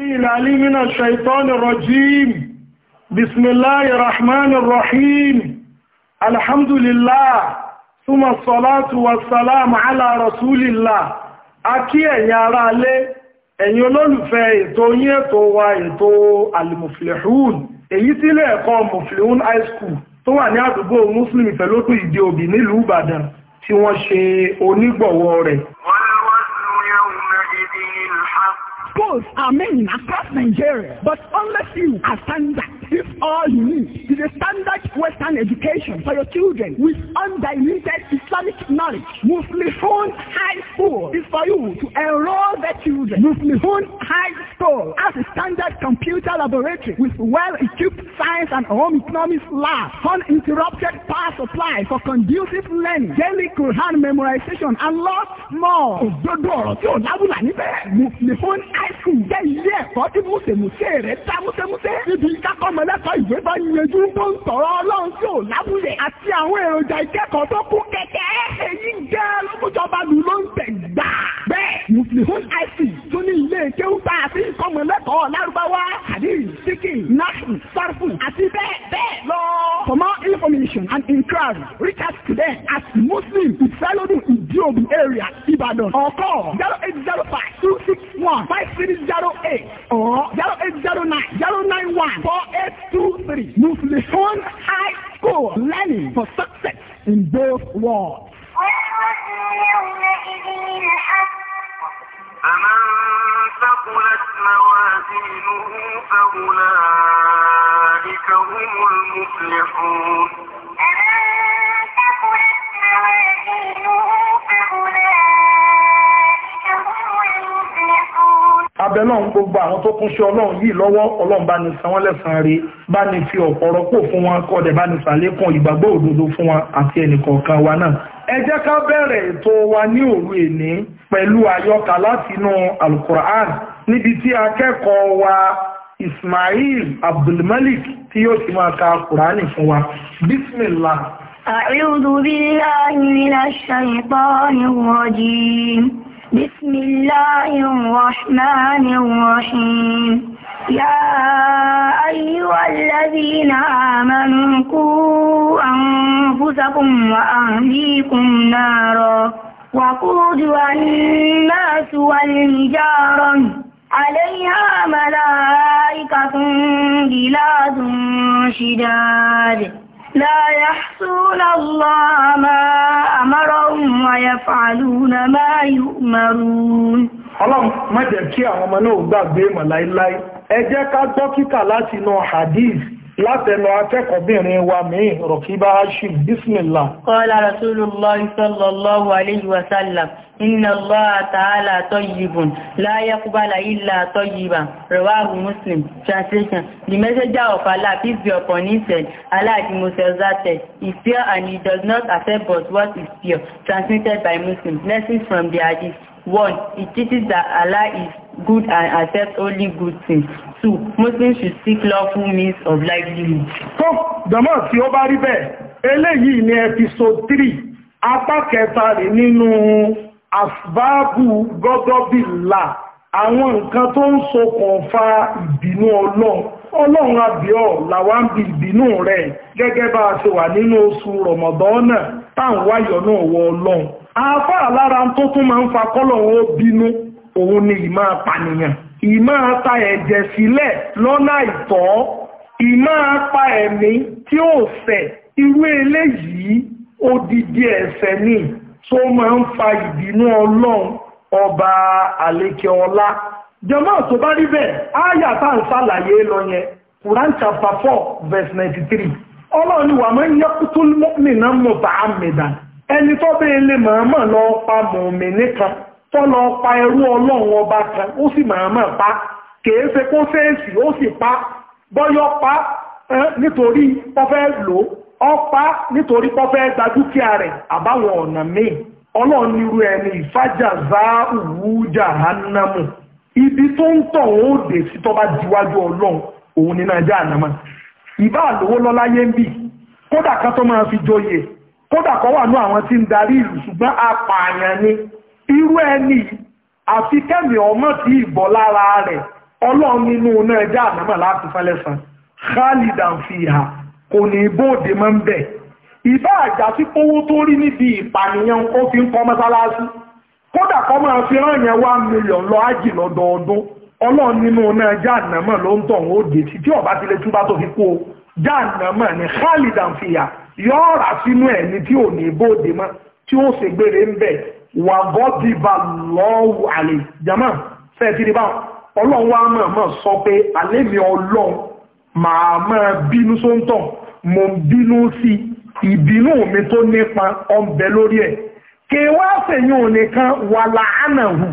العليم من الشيطان الرجيم بسم الله الرحمن الرحيم الحمد لله ثم الصلاة والسلام على رسول الله Akí ẹ̀yin ará alé, ẹ̀yin olólùfẹ́ ètò yín ètò wa ètò Al-Muflihun, èyí sílé ẹ̀kọ́ Muflihun High School tó wà ní àdúgbò Mùsùlùmí pẹ̀lú ìdí òbí nílùú Ìbàdàn tí wọ́n ṣe onígbọ̀wọ́ rẹ̀. Wọ́n Goals are many across Nigeria, but unless you are standard, it's all you need is a standard Western education for your children with undiluted Islamic knowledge. Muflihun High School is for you to enroll the children. Muflihun High School has a standard computer laboratory with well-equipped science and home economics lab, uninterrupted power supply for conducive learning, daily Quran memorization, and lots more. Òdodo ọ̀rọ̀ tí ò lábùlà níbẹ̀. Muflihun High School jẹ́ ilé ẹ̀kọ́ tí Mùsèmùsè rẹ̀ ta Mùsèmùsè. Níbi ìkákọ́mọlẹ́kọ̀ọ́ ìwé bá yanjú tó ń sọ̀rọ̀ ọlọ́run tí ò lábúlẹ̀ àti àwọn èròjà ìkẹ́kọ̀ọ́ tó kún kẹ̀kẹ́ èyí jẹ́ lókùjọba lù ló ń tẹ̀ gbàá muslim ic tó ní ilé kéwúta àti ìkọ́mọ lẹ́kọ̀ọ́ lárúbáwá hadith síkì nahu sarfu àti bẹ́ẹ̀ bẹ́ẹ̀ lọ. for more information and inquiry reach out to them as muslim in ìdíòbí area ìbàdàn or call zero eight zero five two six one five three zero eight or zero eight zero nine zero nine one four eight two three muslihun high school learning for success in both worlds. فمن ثقلت موازينه فأولئك هم المفلحون فمن ثقلت موازينه فأولئك هم المفلحون abẹ náà ń gbogbo àwọn tó kún sí ọlọ́run yìí lọ́wọ́ ọlọ́run bá ní san wọ́n lẹ́sàn rí bá ní fi ọ̀pọ̀ rọ́pò fún wọn kọ́dẹ̀ bá ní sàlékún ìgbàgbọ́ òdodo fún wọn àti ẹnìkọ̀ọ̀kan wa náà ẹ jẹ́ ká bẹ̀rẹ̀ ètò wa ní òru èní pẹ̀lú àyọkà látinú alukur'an níbi tí akẹ́kọ̀ọ́ wa ismail abdulmalik tí yóò ti máa ka kùránì fún wa bismillah. أعوذ بالله من الشيطان الرجيم بسم الله الرحمن الرحيم يا أيها الذين آمنوا قوا أنفسكم وأهليكم نارا وقودها الناس والحجارة عليها ملائكة بلاد شداد لا يحصون الله ما أمرهم ويفعلون ما يؤمرون Ọlọ́run má jẹ́ kí àwọn ọmọ náà gbàgbé mọ̀ láíláí. Ẹ jẹ́ ká gbọ́ kíkà láti inú hadith látẹnu akẹ́kọ̀ọ́bìnrin wa míì rọ̀kíbá hashim bísmìlá. qala rasulullah sallallahu alayhi wa sallam inna allaha ta'ala tayyibun la yaqbalu illa tayyiban rawahu muslim translation the messenger of allah peace be upon allah the most exalted is pure and he does not accept but what is pure transmitted by muslim lessons from the hadith one it teaches that allah is good and accept only good things. Two, Muslims should seek lawful means of livelihood. Tó jọmọ́ tí ó bá rí bẹ́ẹ̀, eléyìí ni episode three, apá kẹta rí nínú Asbábù Gọ́gọ́bìlà, àwọn nǹkan tó ń ṣokùnfà ìbínú Ọlọ́run. Ọlọ́run àbíọ̀ làwa ń bi ìbínú rẹ̀ gẹ́gẹ́ bá a ṣe wà nínú oṣù Rọ̀mọ̀dọ́nà táwọn wáyọ̀ náà wọ Ọlọ́run. Àáfàá lára tó tún máa ń fa kọ́lọ̀ wọn bínú òun ni ìmọ̀ apànìyàn ìmọ̀ ata ẹ̀jẹ̀ sílẹ̀ lọ́nà àìtọ́ ìmọ̀ apa ẹ̀mí tí ó fẹ̀ irú eléyìí odidi ẹ̀ṣẹ̀ ni tó máa ń fa ìbínú ọlọ́run ọba àlékè ọlá jọmọ́ tó bá rí bẹ́ẹ̀ ááyà tá ń ṣàlàyé lọ yẹn Quran chapter four verse ninety three ọlọ́run ni wàá máa ń mọ́mìnà ẹni tọ́lọ pa ẹrú ọlọ́run ọba kan ó sì máa máa pa kèé ṣe kó si pa bọ́yọ́ pa nítorí pọ́fẹ́ lò ó pa nítorí pọ́fẹ́ gba dúkìá rẹ̀ àbáwọn ọ̀nà míì ọlọ́run nírú ẹni ìfájà zá òwú jahannamu ibi tó ń tọ̀ ó dé sí tọ́ba ọlọ́run òun ní ìbá àlówó kan tó máa fi joyè kódà kan wà ní àwọn tí ń darí ìlú ṣùgbọ́n apààyàn irú ẹni àfi kẹ́mi ọmọ tí ìbọ̀ lára rẹ̀ ọlọ́run nínú náà já àmọ́ láti fẹ́lẹ́ san khalidan fiha kò ní bóde mọ́ ń bẹ̀ ìbá àjà sí kówó tó rí níbi ìpànìyàn ó fi ń kọ́ mọ́sálásí kódà kọ́ máa fi rán yẹn wá mílíọ̀n lọ ájì lọ́dọọdún ọlọ́run nínú náà já àmọ́ ló ń tọ̀hún ó dé tí ọba ti lè túbá tó fi kú já àmọ́ ni khalidan fiha yọ̀ọ́ra sínú ẹ̀ ní tí ò ní bóde mọ́ tí ó ṣègbére ń bẹ̀ wà gọ́dì bá lọ́wọ́ àlè jama fẹ́ẹ̀tì ní báwọn ọlọ́run wa máa máa sọ pé àlémi ọlọ́run ma máa bínú sóńtọ̀ mo ń bínú sí ìbínú mi tó nípa ọ̀nbẹ lórí ẹ̀ kí wá sẹ́yìn òní kan wà láàánà hù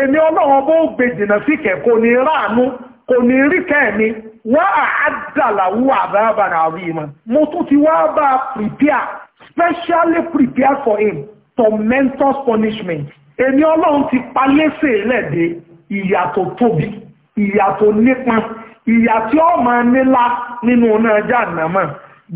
èmi ọlọ́run bó gbé jìnnà sí kẹ̀kọ́ ní ráàánú kò ní rí kẹ́ẹ̀ni wá àádàláwú àbábàrà àríyìn prepare specially prepare for him tormentous punishment èmi ọlọ́run ti palẹ́sẹ̀ lẹ́dẹ̀ ìyà tó tóbi ìyà tó nípa ìyà tí ó máa nílá nínú náà jàǹdàmọ́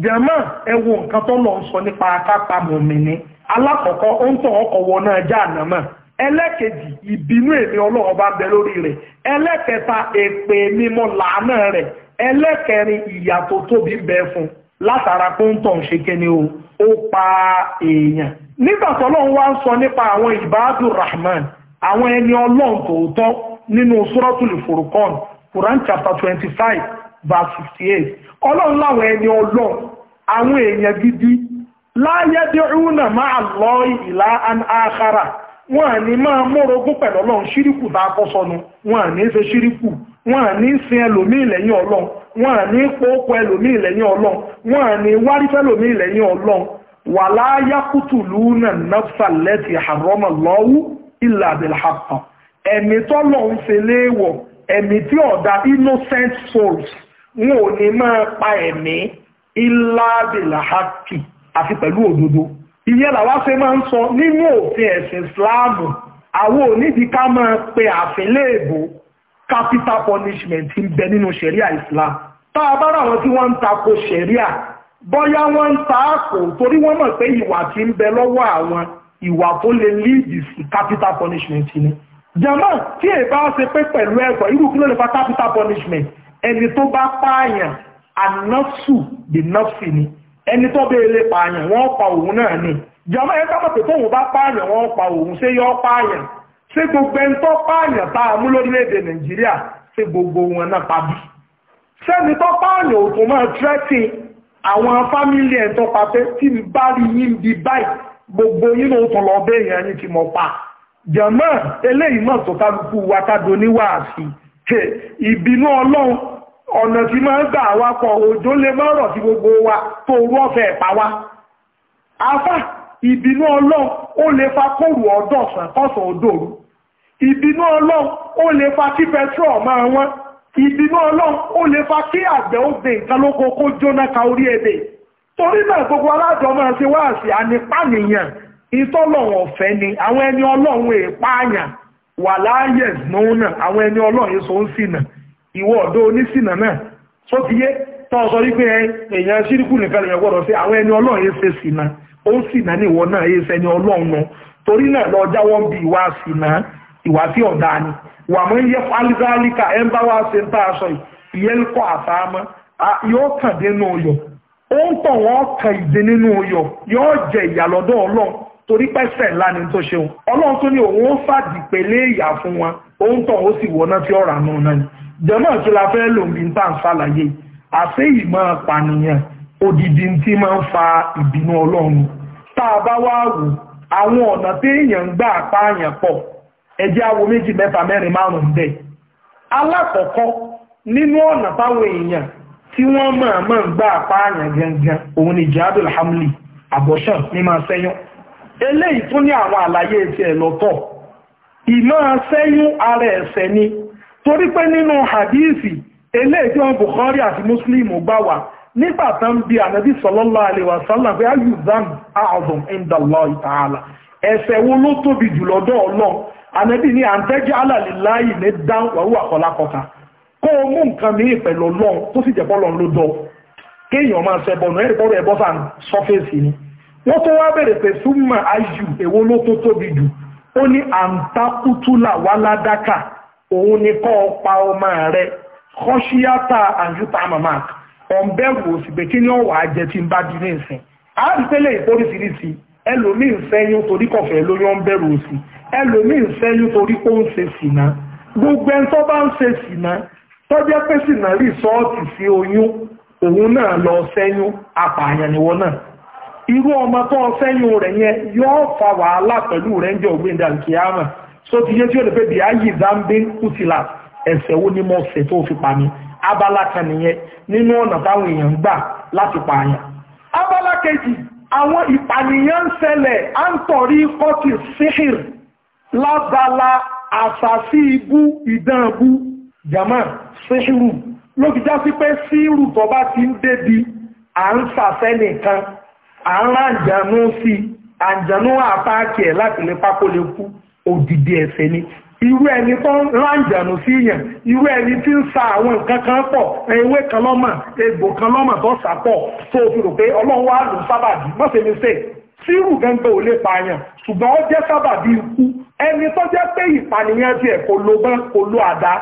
jẹ̀mọ́ ẹ wo nǹkan tó lọ sọ nípa akápá mòmìnì alákọ̀ọ́kọ́ ó ń tọ̀ ọkọ̀ wọ náà jàǹdàmọ́ ẹlẹ́kejì ìbínú èmi ọlọ́run bá bẹ lórí rẹ̀ ẹlẹ́kẹta èpè mímọ́ làánà rẹ̀ ẹlẹ́kẹrin ìyà tó tóbi bẹ fún látara pé ó ń tọ̀ ń ṣe kíni o ó pa èèyàn nígbàtọ́lọ́ wá ń sọ nípa àwọn ìbáàdù rahman àwọn ẹni ọlọ́run tòótọ́ nínú suratul furqan quran chapter twenty five verse fifty eight ọlọ́run láwọn ẹni ọlọ́run àwọn èèyàn gidi láyé dẹ́rùnà máa lọ ìlà àkàrà wọn à ní máa mórogún pẹ̀lú ọlọ́run ṣíríkù tá a kọ́ sọnù wọn à ní ṣe ṣíríkù wọn à ní sin ẹlòmíì lẹ́yìn ọlọ́run wọn à ní pọ́ọ́pọ́ ẹlòmíì lẹ́yìn ọlọ́run wọn à ní lẹ́yìn ọlọ́run wà láyá kùtù lúnà nafsa lẹ́tì àrọ́mà lọ́wọ́ ìlà àbẹ̀lẹ̀hàpà ẹ̀mí tọ́lọ̀ ń ṣe léèwọ̀ ẹ̀mí tí ọ̀dà innocent souls wọn ò ní máa pa ẹ̀mí ìlà àbẹ̀lẹ̀hàpì àti pẹ̀lú òdodo ìyẹn làwa ṣe máa ń sọ nínú òfin ẹ̀sìn Islamu àwọn onídìí ká máa pe àfin léèbó capital punishment ń bẹ nínú ṣẹ̀ríà Islam tá a bá rà tí wọ́n ń tako ṣẹ̀ríà bọ́yá wọ́n ń ta àpò torí wọ́n mọ̀ pé ìwà tí ń bẹ lọ́wọ́ àwọn ìwà tó lè lead sí capital punishment ni jama tí èyí bá ṣe pé pẹ̀lú ẹ̀kọ́ irú kí ló lè fa capital punishment ẹni tó bá pààyàn anọ́sù the nọ́ọ̀sì ni ẹni tó bẹ́ẹ̀ lè pààyàn wọ́n pa òun náà ni jama ẹni tó bá pè tóun bá pààyàn wọ́n pa òun ṣé yọ pààyàn ṣé gbogbo ẹni tó pààyàn tá a mú lórílẹ̀‐èdè nàìjíríà ṣé gbogbo wọn náà pa sẹ́ni tó pààyàn òtún máa tírẹ́tì àwọn fámílì ẹ̀ tọ́pa pé tí n bá rí yín bí báyìí gbogbo yín ló tún lọ bẹ́ẹ̀ yẹn yín ti mọ̀ pa jẹ̀mọ́ eléyìí náà tó kálukú wa tádo níwáàsí ìbínú ọlọ́run ọ̀nà tí máa ń gbà wá pọ̀ òjò lè má rọ̀ sí gbogbo wa tó orú ọ̀fẹ́ ẹ̀pá wa afá ìbínú ọlọ́run ó lè fa kóòrù ọ̀dọ̀sán kọ́sàn odòru ìbínú ọlọ́run ó lè fa kí pẹtrọ̀ máa wọ́n ìbínú ọlọ́run ó lè fa kí àgbẹ̀ ó gbé nǹkan kó jóná ka orí ebè torí náà gbogbo alájọ máa ṣe wá sí ìtọ́lọ̀wọ̀n ọ̀fẹ́ ni àwọn ẹni ọlọ́run èèpààyàn wà láàyè mọ́únà àwọn ẹni ọlọ́run ń ìwọ ọ̀dọ́ náà tó ti yé tọ́ sọ wípé èèyàn nìkan gbọ́dọ̀ sí àwọn ẹni ọlọ́run ṣe ó ní ìwọ náà ṣe ẹni ọlọ́run torí náà lọ ìwà tí ọ̀dá ni wà mọ́ yẹ alíkálíkà ẹ̀ wá se ń aṣọ ìyẹn ń kọ́ àtàmọ́ yóò kàn dénú ọyọ̀ ó ń wọ́n kàn nínú yóò jẹ ìyàlọ́dọ̀ ọlọ́run torí ni tó ṣeun ọlọ́run tó ní òun ó ìyà fún wọn ó ń ó sì wọná tí ọ̀rà náà náà ni la fẹ́ lò odidi tí máa fa ìbínú ọlọ́run tá a bá wá wò àwọn ọ̀nà téèyàn ń gbà pààyàn pọ̀ ẹjẹ́ awo méjì mẹ́fà mẹ́rin márùn-ún ninu alákọ̀ọ́kọ́ nínú ọ̀nà táwọn èèyàn tí wọ́n máa máa ń gbá gangan òun ni jihadul hamli abortion ní máa ṣẹ́yún eléyìí tún ní àwọn àlàyé ti ẹ̀ lọ́tọ̀ ìmọ̀ ara ẹ̀ṣẹ̀ ni torí pé nínú hadithi eléyìí tí Bukhari àti Muslim gbà wá nígbà tá ń bi wasallam inda Allah ta'ala wo ló tóbi ànẹ́bí ní àǹtẹ́jẹ́ alàlìláì ní dáhùn wàhùn àkọlákọta kó o mú nǹkan mìíràn pẹ̀lú ọlọ́run tó sì jẹ́ bọ́ọ̀lọ́ ló dọ̀ kéèyàn máa ṣe bọ̀nù ẹ̀rí bọ́ọ̀rọ̀ ẹ̀bọ́ sàn sọ́fẹ̀sì ni wọ́n tó wá bèrè pé súnmọ́ ayù èwo ló tó tóbi jù ó ní àǹtakútúlà wáládákà òun ni kọ́ pa ọmọ rẹ̀ kọ́ṣíyátà àǹjútà mamak ọ̀nbẹ́rù òsìgbè kí ni ó wà á jẹ tí ń bá di ní ìsìn àárí tẹ́lẹ̀ ìpóríṣiríṣi ẹlòmíín fẹ́yún torí kọ̀fẹ́ lóyún ọ̀nbẹ́rù òsì ẹlòmíì ń sẹ́yún torí pé ó ń ṣe sìnà gbogbo ẹni tó bá ń ṣe sìnà tó jẹ́ pé sìnà rí sọ́ọ̀tì sí oyún òun náà lọ sẹ́yún apààyàn nìwọ náà irú ọmọ tó sẹ́yún rẹ̀ yẹn yóò fa wàhálà pẹ̀lú rẹ̀ ń jẹ́ ògbìn dànkìámà so ti yé tí ó lè fẹ́ bí ayé zambi kutila ẹ̀ṣẹ̀ wo ni mo ṣẹ̀ tó fi pa mi abala kan nìyẹn nínú ọ̀nà táwọn èèyàn ń gbà láti abala kejì àwọn ìpànìyàn ń ṣẹlẹ̀ à ń tọ̀rí kọ́tì lábala àṣàṣì ibú ìdánbú jama síhìrù ló fi já sí pé síhìrù tó bá ti ń débi à ń ṣàṣẹ́ nìkan à ń ràǹjànú sí àǹjànú àpáàkì ẹ̀ láti lè pákó lè kú òdìdí ẹ̀ṣẹ̀ ni irú ẹni tó ń ránjànù sí yàn irú ẹni tí ń sa àwọn nǹkan kan pọ̀ ewé kan lọ́mọ̀ egbò kan lọ́mọ̀ tó sàpọ̀ tó fi rò pé ọlọ́run wá lù sábàbí mọ́sẹ̀ mi sè tí ìrù gẹ́gbẹ́ ò lè pààyàn ṣùgbọ́n ó jẹ́ sábàbí ikú ẹni tó jẹ́ pé ìpànìyàn ti ẹ̀ kò lo bá kò lo àdá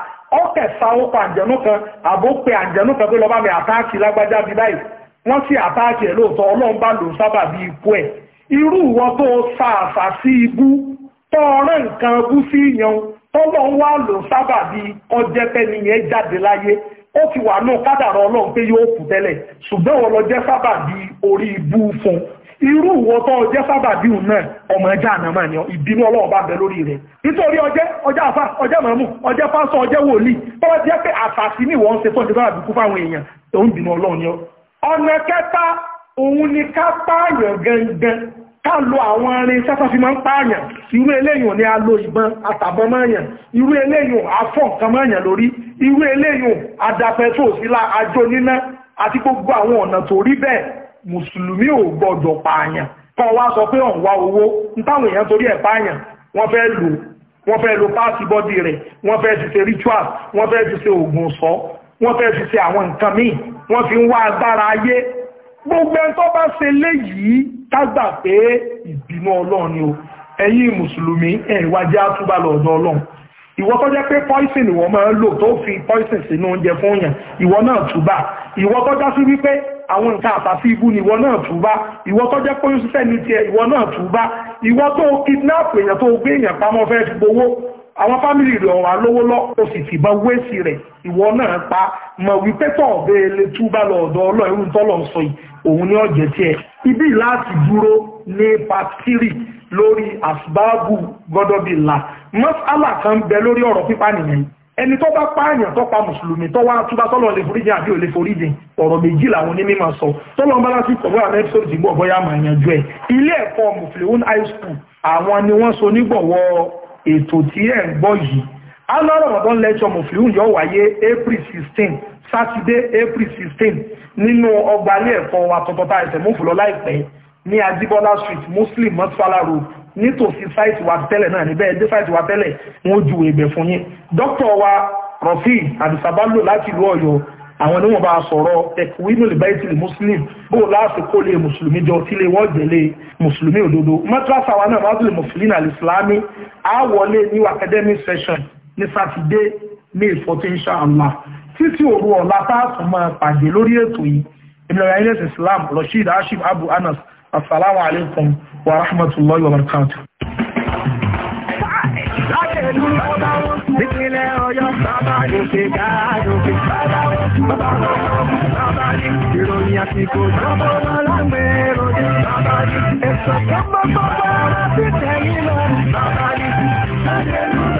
ọkẹ̀ sa ó pa àjẹ̀nú kan àbó pe àjẹ̀nú kan tó lọ bá mi àtáàkì lágbájá bí báyìí wọ́n sì àtáàkì ẹ̀ lóòótọ́ ọlọ́run bá lò sábàbí ikú ẹ̀ irú ìwọ tó sa àṣà sí ibú tọ́ọ̀rẹ́ nǹkan bú sí yan tọ́lọ́ wá lò sábàbí ọjẹ́tẹ́ni yẹn jáde láyé ó ti wà náà kádàrọ̀ ọlọ́run pé yóò kù tẹ́lẹ̀ ṣùgbọ́n wọ́n lọ jẹ́ orí ibú fún un irú ìwọ tó ọjẹ́ sábàbí òun náà ọmọ ẹja ànàmà ni ìbínú ọlọ́run bá bẹ lórí rẹ̀ nítorí ọjẹ́ ọjẹ́ àfà ọjẹ́ mọ̀mú ọjẹ́ pásọ ọjẹ́ wòlíì tọ́wọ́ jẹ́ pé àfàsí ni wọ́n ń ṣe tó ti sábàbí kú fáwọn èèyàn òun bínú ọlọ́run ni ọ. ọ̀nà kẹta òun ni ká pààyàn gangan ká lo àwọn arin sáfà fi máa ń pààyàn irú eléyìn ni a lo ìbọn àtàbọn mọ́yàn irú eléyìn afọ́ nǹkan mọ́yàn lórí irú eléyìn adapẹ́tò sílá ajó níná àti gbogbo àwọn ọ̀nà tó rí bẹ́ẹ̀ mùsùlùmí ò gbọdọ̀ pààyàn kan wá sọ pé ọ̀n wá owó ntáwọn èèyàn torí ẹ̀ pààyàn wọ́n fẹ́ lò wọ́n fẹ́ lo páàsì bọ́dì rẹ̀ wọ́n fẹ́ ti ṣe ritual wọ́n fẹ́ ti ṣe oògùn sọ wọ́n fẹ́ ti ṣe àwọn nǹkan míì wọ́n fi ń wá agbára ayé gbogbo ẹni tó bá ṣe léyìí tágbà pé ìbínú ọlọ́run ni o ẹ̀yin mùsùlùmí ẹ̀wájẹ́ àtúbà lọ́dọ̀ ọlọ́run ìwọ tó jẹ́ pé poison ìwọ máa ń lò tó fi poison sínú oúnjẹ fún yàn ìwọ náà túbà ìwọ tó já sí wípé àwọn nǹkan àtàfi ibú ni ìwọ náà túbá ìwọ tó jẹ́ pọ́yún síṣẹ́ ní tiẹ̀ ìwọ náà túbá ìwọ tó kidnap èèyàn tó gbé èèyàn pamọ́ fẹ́ fi gbowó àwọn fámìlì rẹ̀ ọ̀rọ̀ alówó lọ o sì ti bá wéèsì rẹ̀ ìwọ náà pa mọ̀ wípé tọ̀ọ̀bẹ lè túbá lọ ọ̀dọ̀ ọlọ́run tọ́lọ̀ sọ yìí òun ní ọ̀jẹ̀ tiẹ̀ ibi láti dúró ní pàtírì lórí àsìbáàbù gọ́dọ̀bìlà mọ́sálà kan bẹ lórí ọ̀rọ̀ pípa nìyẹn ẹni tó bá pààyàn tó pa mùsùlùmí tó wá túbá tọ́lọ̀ lè foríjì àbí ò lè foríjì ọ̀rọ̀ méjì làwọn onímọ̀ sọ tọ́lọ̀ ń bá láti pọ̀ bóyá mẹ́rin sóòtì gbọ́ bóyá mà yànjú ẹ̀ ilé ẹ̀kọ́ mufleun high school àwọn ni wọ́n so nígbọ̀wọ́ ètò tí ẹ̀ ń gbọ́ yìí anọ́rọ̀ ọ̀dọ́ lẹ́tọ̀ muslim mọ́sálà nítòsí sáìtì wa tẹ́lẹ̀ náà níbẹ̀ ẹdẹ sáìtì wa tẹ́lẹ̀ wọn ó ju ìbẹ̀ fún yín dókítà wa rọ̀fí àdìsábálò láti ìlú ọ̀yọ́ àwọn ni wọ́n bá sọ̀rọ̀ ẹ̀kúwínú lìbáìtì muslim bó láàṣì kó lè mùsùlùmí jọ tí lè wọ́n jẹ̀lé mùsùlùmí òdodo mọ́tíráṣà wa náà wájú lè mùsùlùmí àlìsìlámì á wọlé new academic session ní sátidé may fourteen inshallah títí òru ọ̀la táàtù máa pàdé lórí ètò yìí ìmìlẹ̀ ìyẹn islam rashid hashim abu anas Assalamu alaikum wa rahmatullahi wa barakatuh. Ìpínlẹ̀ Ọ̀yọ́